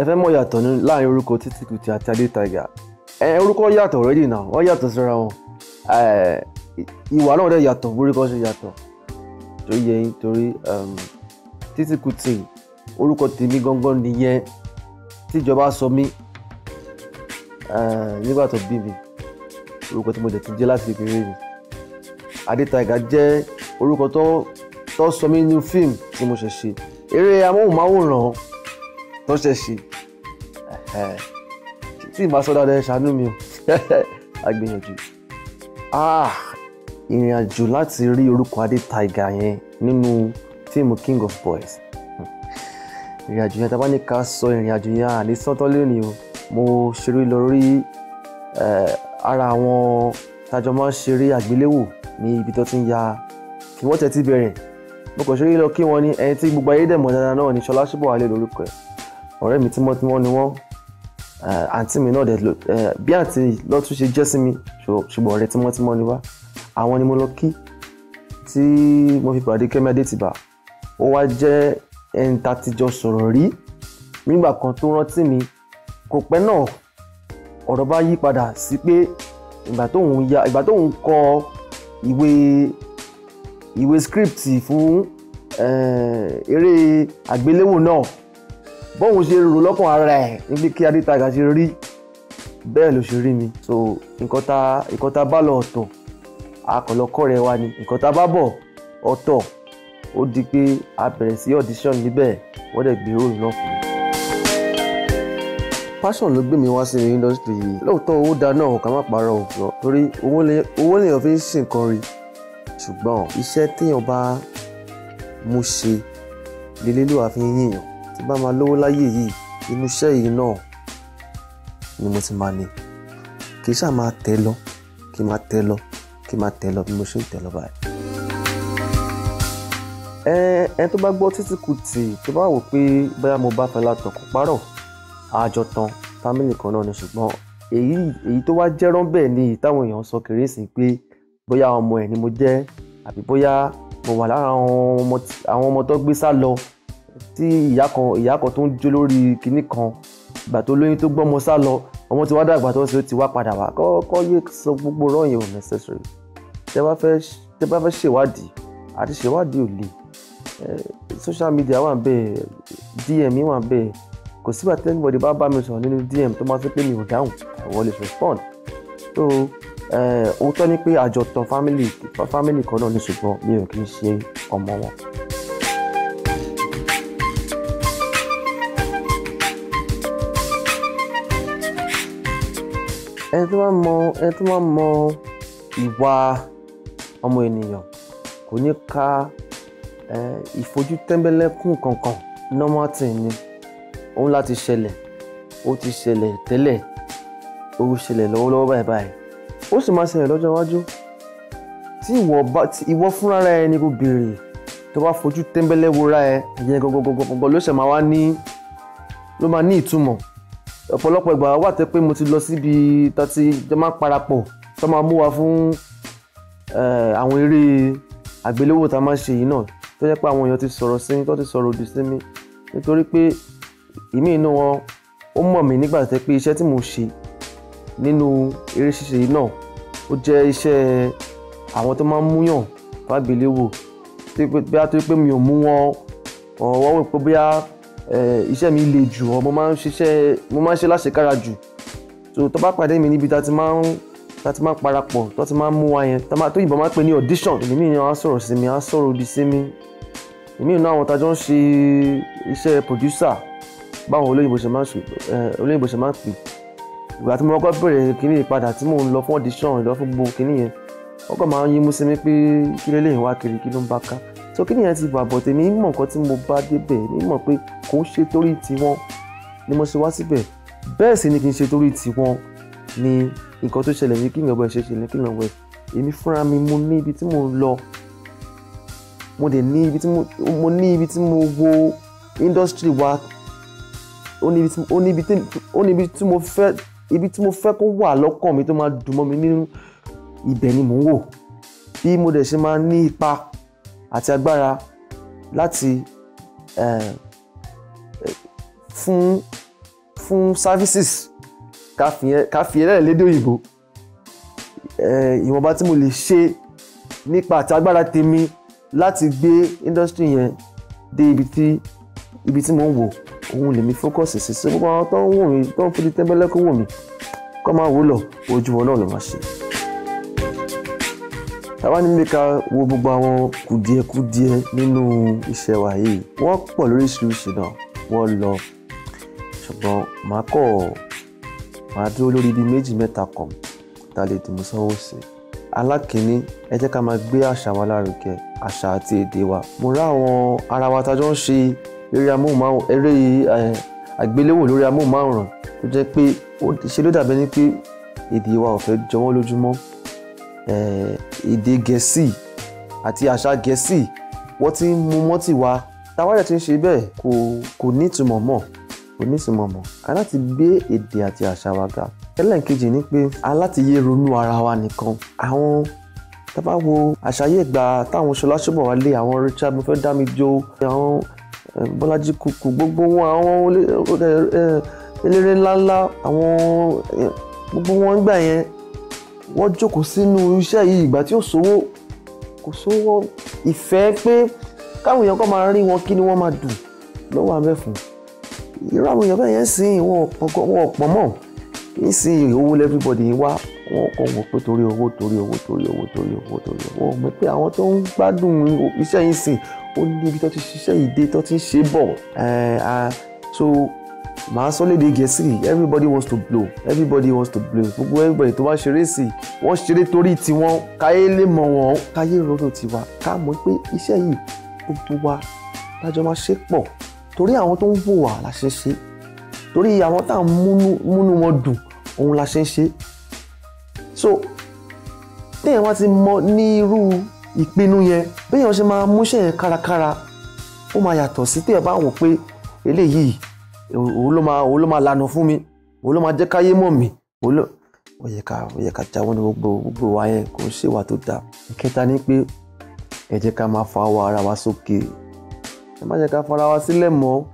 ẹ fẹ́ mọ̀ yàtọ̀ láàrin orúkọ Títí Kùtì àti Adé Tiger ẹ orúkọ yàtọ̀ already náà wọ́n yàtọ̀ síra wọn ìwà náà dẹ̀ yàtọ̀ orúkọ ṣe yàtọ̀ tó yẹ yín torí um, Títí Kùtì orúkọ tèmi gangan nìyẹn tíjọba sọ mí nígbà tó bí mi orúkọ tí mo dẹ̀ ti jẹ́ láti kékeré mi Adé Tiger jẹ́ orúkọ tó sọ mí nínú fíìmù tí mo ṣe ṣe eré amóhùnmáwòrán tó ṣe ṣe tí ìbá sọ dáadáa ṣàánú mi o agbìyànjú ah, ìrìn àjò láti rí orúkọ adé tiger yẹn nínú fíìmù king of boys hmm. ìrìn àjò yẹn tá a bá ní ká sọ ìrìn àjò yẹn àní sọ́tọ́ lónìí o mo ṣeré lọ rí ara àwọn tájọ máa ń ṣeré àgbéléwò ní ibi tó ti ń ya kí wọ́n tẹ̀ tí bẹ̀rẹ̀ mo kàn ṣeré lọ kí wọ́n ní ẹni tí gbogbo ayé dẹ̀ mọ̀ dáadáa náà ní ṣọlá ṣíbọ̀wálé lórúkọ ẹ̀ ọ̀rẹ́ mi tímọ́tímọ́ ni wọ́n àǹtí mi náà dẹ̀ bí àǹtí lọ́tún ṣe jẹ́ sí mi ṣùgbọ́n ọ̀rẹ́ tímọ́tímọ́ ni wá àwọn ni mo lọ kí tí mo fi pàdé Kẹ́mi Adétìbà ó wá jẹ́ ẹni tá ti jọ sọ̀rọ̀ rí nígbà kan tó rántí mi kò pẹ́ náà ọ̀rọ̀ bá yí padà sí pé ìgbà tóun ya ìgbà tóun kọ ìwé ìwé script fún eré àgbéléwò náà bóun ṣe rò lọ́kàn ara ẹ̀ níbi kí Adé ṣe rí bẹ́ẹ̀ ló ṣe rí mi so nǹkan tá bá lọ ọ̀tọ̀ akọ̀lọ́kọ̀ rẹ̀ wá ni nǹkan tá bá bọ̀ ọ̀tọ̀ ó di pé a bẹ̀rẹ̀ sí audition níbẹ̀ wọ́n dẹ̀ gbé ròyìn náà fún mi. passion ló gbé mi wá sí industry yìí lóòótọ́ owó da náà ká má parọ́ òfin torí owó lèèyàn fi ń ṣe nǹkan rí ṣùgbọ́n iṣẹ́ téèyàn bá mú ṣe lélẹ́lúwà fi ń yíyàn tí bá máa lówó láyè yìí inú iṣẹ́ yìí náà ni mo ti máa ní kì í ṣáà máa tẹ̀ lọ kí máa tẹ̀ lọ kí máa tẹ̀ lọ bí mo ṣe ń tẹ̀ lọ báyìí. ẹ ẹ tó bá gbọ́ títí kùtì tó bá wò pé bóyá mo bá fẹ́ látọ̀ kó parọ́ àjọ tán fámìlì kan náà ni ṣùgbọ́n èyí èyí tó wá jẹ́rán bẹ́ẹ̀ ni táwọn èèyàn sọ kérésì pé bóyá ọmọ ẹ̀ ni mo jẹ́ àbí bóyá mo wà lára àwọn ọmọ tó gbé sá lọ tí ìyá kan ìyá kan tó ń jó lórí kinní kan ìgbà tó lóyún tó gbọ́mọ sá lọ ọmọ tí wàá dàgbà tó ń ṣe ó ti wá padà wá kọ́ yé sọ gbogbo rọ́ọ̀yìn ò necessary tẹ bá fẹ́ tẹ bá fẹ́ ṣèwádìí àti ṣèwádìí ò le social media wà bẹ́ẹ̀ dm wà bẹ́ẹ̀ kò sígbà tí anybody bá bá mi sọ̀rọ̀ nínú dm tó máa fi pé mi ò dáhùn àwọn lè respond so òótọ́ ni pé àjọtọ̀ family family kan náà ní ṣùgbọ́n mi ò kì í ṣe ọmọ wọn. ẹni tó bá mọ ẹni tó bá mọ ìwà ọmọ ènìyàn kò ní ka ìfojú tẹ́ńbẹ́lẹ́kùn kankan normal thing ni òun láti ṣẹlẹ̀ ó ti ṣẹlẹ̀ tẹ́lẹ̀ ó ṣẹlẹ̀ lọ́wọ́lọ́wọ́ báyìí báyìí ó sì máa ṣẹlẹ̀ lọ́jọ́ iwájú tí ìwọ fúnra rẹ ni kò béèrè tó bá fojú tẹ́ńbẹ́lẹ́ wora ẹ ìyẹn gọgọgọgọgọ ló ṣe máa wá ní ló máa ní ìtumọ̀ ọ̀pọ̀lọpọ̀ ìgbà wà tẹ́ pé mo ti lọ síbi tó ti jọ máa ń parapọ̀ tó máa mú wa fún àwọn eré àgbéléwò tá a máa ń ṣe yìí náà tó jẹ́ pé àwọn èèyàn ti sọ̀rọ̀ sí mi tó ti sọ̀rọ̀ òdì sí mi nítorí pé ìmí inú wọn ó mọ̀ mí nígbà tẹ́ pé iṣẹ́ tí mo ṣe nínú eré ṣíṣe yìí náà ó jẹ́ iṣẹ́ àwọn tó máa ń múyàn fàgbéléwò bí a tó pé mi ò mú wọn ọ̀wọ́ wípé bóyá Eh, iṣẹ́ mi le jù ọ mo máa ń ṣe láṣekára jù so tó bá pàdé mi níbi tá ti máa ń tá ti máa ń parapọ̀ tó ti máa ń mú wa yẹn tó yìnbọn máa ń pè ní audition èmi yẹn á sọ̀rọ̀ sí mi á sọ̀rọ̀ òdì sí mi èmi yìí àwọn tajọ́ ń ṣe iṣẹ́ producer báwọn olóyìnbó ṣe máa ń pè eh, olóyìnbó ṣe máa ń pè ìgbà tí mo kọ́kọ́ bẹ̀rẹ̀ kínní ìpadà tí mò ń lọ fún audition lọ fún gbogbo kínní yẹn wọ́n kàn máa ń yín mú sí mi pé kí lélẹ́yìn wá kiri kí ló ń bá ká so kí nìyẹn ti bà bọ̀ tèmi mọ̀ nǹkan tí mo bá débẹ̀ mi mọ̀ pé kò ń ṣe torí tiwọn ni mo ṣe wá síbẹ̀ bẹ́ẹ̀ sì ni kì í ṣe torí tiwọn ni nǹkan tó ṣẹlẹ̀ ní kíngàn wẹ̀ ṣe ṣẹlẹ̀ kíngàn wẹ̀ èmi fúnra mi mo ní ibi tí mo lọ mo dẹ̀ ní ibi tí mo mo ní ibi tí mo wo industry wa ó ní ibi tí ó ní ibi tí ó ní ibi tí mo fẹ́ ibi tí mo fẹ́ kó wà lọ́kàn mi tó máa dùn mọ́ mi nínú ibẹ̀ ni mò ń wò bí mo dẹ̀ ṣe máa ní ipa àti agbára láti uh, fún fún services ká fi ẹlẹ́rìí lédè òyìnbó eh, ìwọ̀nba tí mo lè ṣe nípa àti agbára tèmi láti gbé industry yẹn dé ibi tí ibi tí mo ń wò òun lèmi fókọ̀sì sí sí gbogbo àwọn tó ń wò mí tó ń fi tẹ́ńbẹ́lẹ́kọ̀ wò mí kọ́ máa wò lọ ojú wọn náà ló máa ṣe táwa ní mẹ́ka wo gbogbo àwọn kùdìẹ̀kùdìẹ nínú iṣẹ́ wa yìí wọ́n pọ̀ lóríṣiríṣi náà wọ́n lọ ṣùgbọ́n màá kọ̀ màá dúró lórí ibi méjì mẹ́ta kan tá a lè dìmú sọ́wọ́ sí i alákìíní ẹ jẹ́ ká máa gbé àṣà wa lárugẹ àṣà àti èdè wa mo rá àwọn ara wa tá a jọ ń ṣe eré amóhùnmáwòrán eré àgbéléwò lórí amóhùnmáwòrán tó jẹ́ pé ṣe ló dàbẹ́ ni pé èdè wa ò fẹ́ jọ lójúmọ́ Eh, èdè gẹ̀ẹ́sì àti àṣà gẹ̀ẹ́sì wọ́n ti ń mu mọ́tì wa táwájà ti ń ṣe bẹ́ẹ̀ kò kò ní ìtumọ̀ mọ́ kò ní ìtumọ̀ mọ́ aláti gbé èdè àti àṣà wa ga ẹlẹ́ǹkejì ni pé aláti yé ronú ara wa nìkan àwọn tábà wo àṣàyè gba táwọn ṣọlá ṣọ́bọ̀ wa lé àwọn Richard mo fẹ́ dá mi jó àwọn eh, Bọ́lájí kùkù gbogbo wọn àwọn eh, eléré ńláńlá àwọn gbogbo wọn gbà yẹn wọ́n jókòó sínú iṣẹ́ yìí ìgbà tí ó sówó kò sówó ìfẹ́ pé káwọn èèyàn kan máa rí wọn kí ni wọ́n máa dùn lọ́wọ́ abẹ́ fún irú àwọn èèyàn bẹ́ẹ̀ yẹn sìn wọn ọ̀pọ̀ mọ́ nísìnyí owó everybody wá wọn kọ wọn pé torí owó torí owó torí owó torí owó torí owó mọ̀ pé àwọn tó ń gbádùn iṣẹ́ yìí sìn ó ní ibi tó ti ṣiṣẹ́ yìí dé tó ti ń ṣe bọ̀ so màá sọ léde gẹ̀ẹ́sì everybody wants to blow everybody wants to blow gbogbo everybody tó bá ṣeré sí i wọ́n ṣeré torí tiwọn káyé lè mọ̀ wọ́n káyé ròrò tiwa ká mọ̀ pé iṣẹ́ yìí gbogbo wa lájọ máa ṣe pọ̀ torí àwọn tó ń wò wá la ṣe ń ṣe torí àwọn tá à ń múnú wọn dùn òun la ṣe ń ṣe so téèyàn wá ti mọ ní irú ìpinnu yẹn béèyàn ṣe máa múṣẹ́ yẹn kárakára ó máa yàtọ̀ sí téèyàn bá wò pé eléyìí òun ló máa òun ló máa lanu fún mi òun ló máa jẹ́ káyé mọ̀ mí òun ló ó yẹ ká ó yẹ ká jáwọ́ ní gbogbo gbogbo wa yẹn kò ṣe wà tó dáa ìkẹta ni pé ẹ jẹ́ ká máa fa ọwọ́ ara wa sókè ẹ má jẹ́ ká fara wa sílẹ̀ mọ́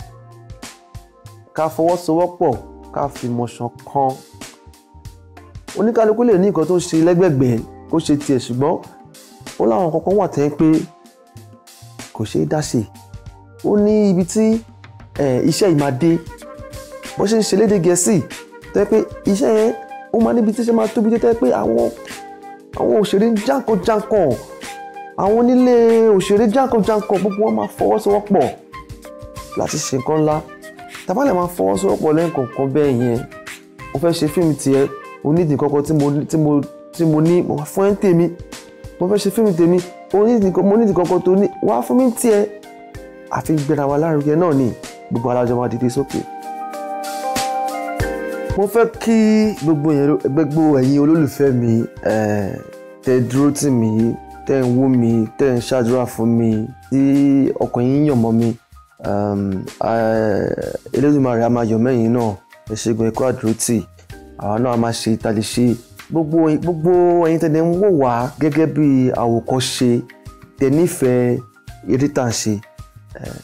ká fọwọ́sowọ́pọ̀ ká fìmọ̀ ṣọ̀kan oníkálukú lè ní nǹkan tó ń ṣe lẹ́gbẹ̀gbẹ̀ kó ṣe tiẹ̀ ṣùgbọ́n ó láwọn kankan wà tẹ́ pé kò ṣeé dá ṣe ó ní ibi tí Eh, iṣẹ́ ìmàdé bó ṣe ń ṣe léde gẹ̀ẹ́sì tó yẹ pé iṣẹ́ yẹn ó máa níbi tí ṣe máa tóbi tó yẹ pé àwọn àwọn òṣèré jàǹkànjàǹkàn àwọn onílé òṣèré jàǹkànjàǹkàn gbogbo wọn máa fọwọ́sowọ́pọ̀ láti ṣe nǹkan ńlá tabalẹ̀ máa fọwọ́sowọ́pọ̀ lẹ́ǹkọ̀ọ̀kan bẹ́ẹ̀ yẹn mo fẹ́ ṣe fíìmù tiẹ̀ onídìí kọ́kọ́ tí mo tí mo tí mo ní mo fún ẹ ń tèmi mo fẹ́ ṣe fíìmù tèmi onídìí mo nídìí kọ́kọ́ tó ní wá fún mi tiẹ̀ àfi gbéra wa lárugẹ náà nìyí gbogbo alájọ máa dìde sókè. mo fẹ́ kí gbogbo ẹ̀yin olólùfẹ́ mi tẹ́ dúró tì mí tẹ́ ń wò mí tẹ́ ń ṣàdúrà fún mi tí ọkàn yín yàn mọ́ mi um, Elédùmarè a máa yọ̀ mẹ́yìn náà ẹ ṣe gbọ́n ẹ̀kọ́ àdúrótì àwa náà a máa ṣe ìtàlẹ̀ ṣe gbogbo ẹ̀yin tẹ̀lé ń wò wá gẹ́gẹ́ bí àwòkọ́ṣe tẹ̀ nífẹ̀ẹ́ eré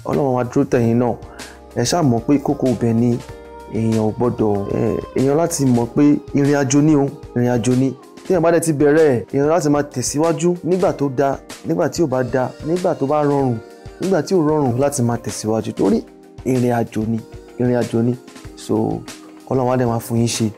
ọlọ́run wa dúró náà ẹ ṣáà mọ̀ pé kókó ibẹ̀ ni èèyàn ò gbọ́dọ̀ èèyàn láti mọ̀ pé ìrìn àjò ni o ìrìn àjò ni téèyàn bá dẹ̀ ti bẹ̀rẹ̀ èèyàn láti máa tẹ̀síwájú nígbà tó da nígbà tí ò bá da nígbà tó bá rọrùn nígbà tí ò rọrùn láti máa tẹ̀síwájú torí ìrìn àjò ni ìrìn àjò ni so ọlọ́run á dẹ̀ máa fún yín ṣe.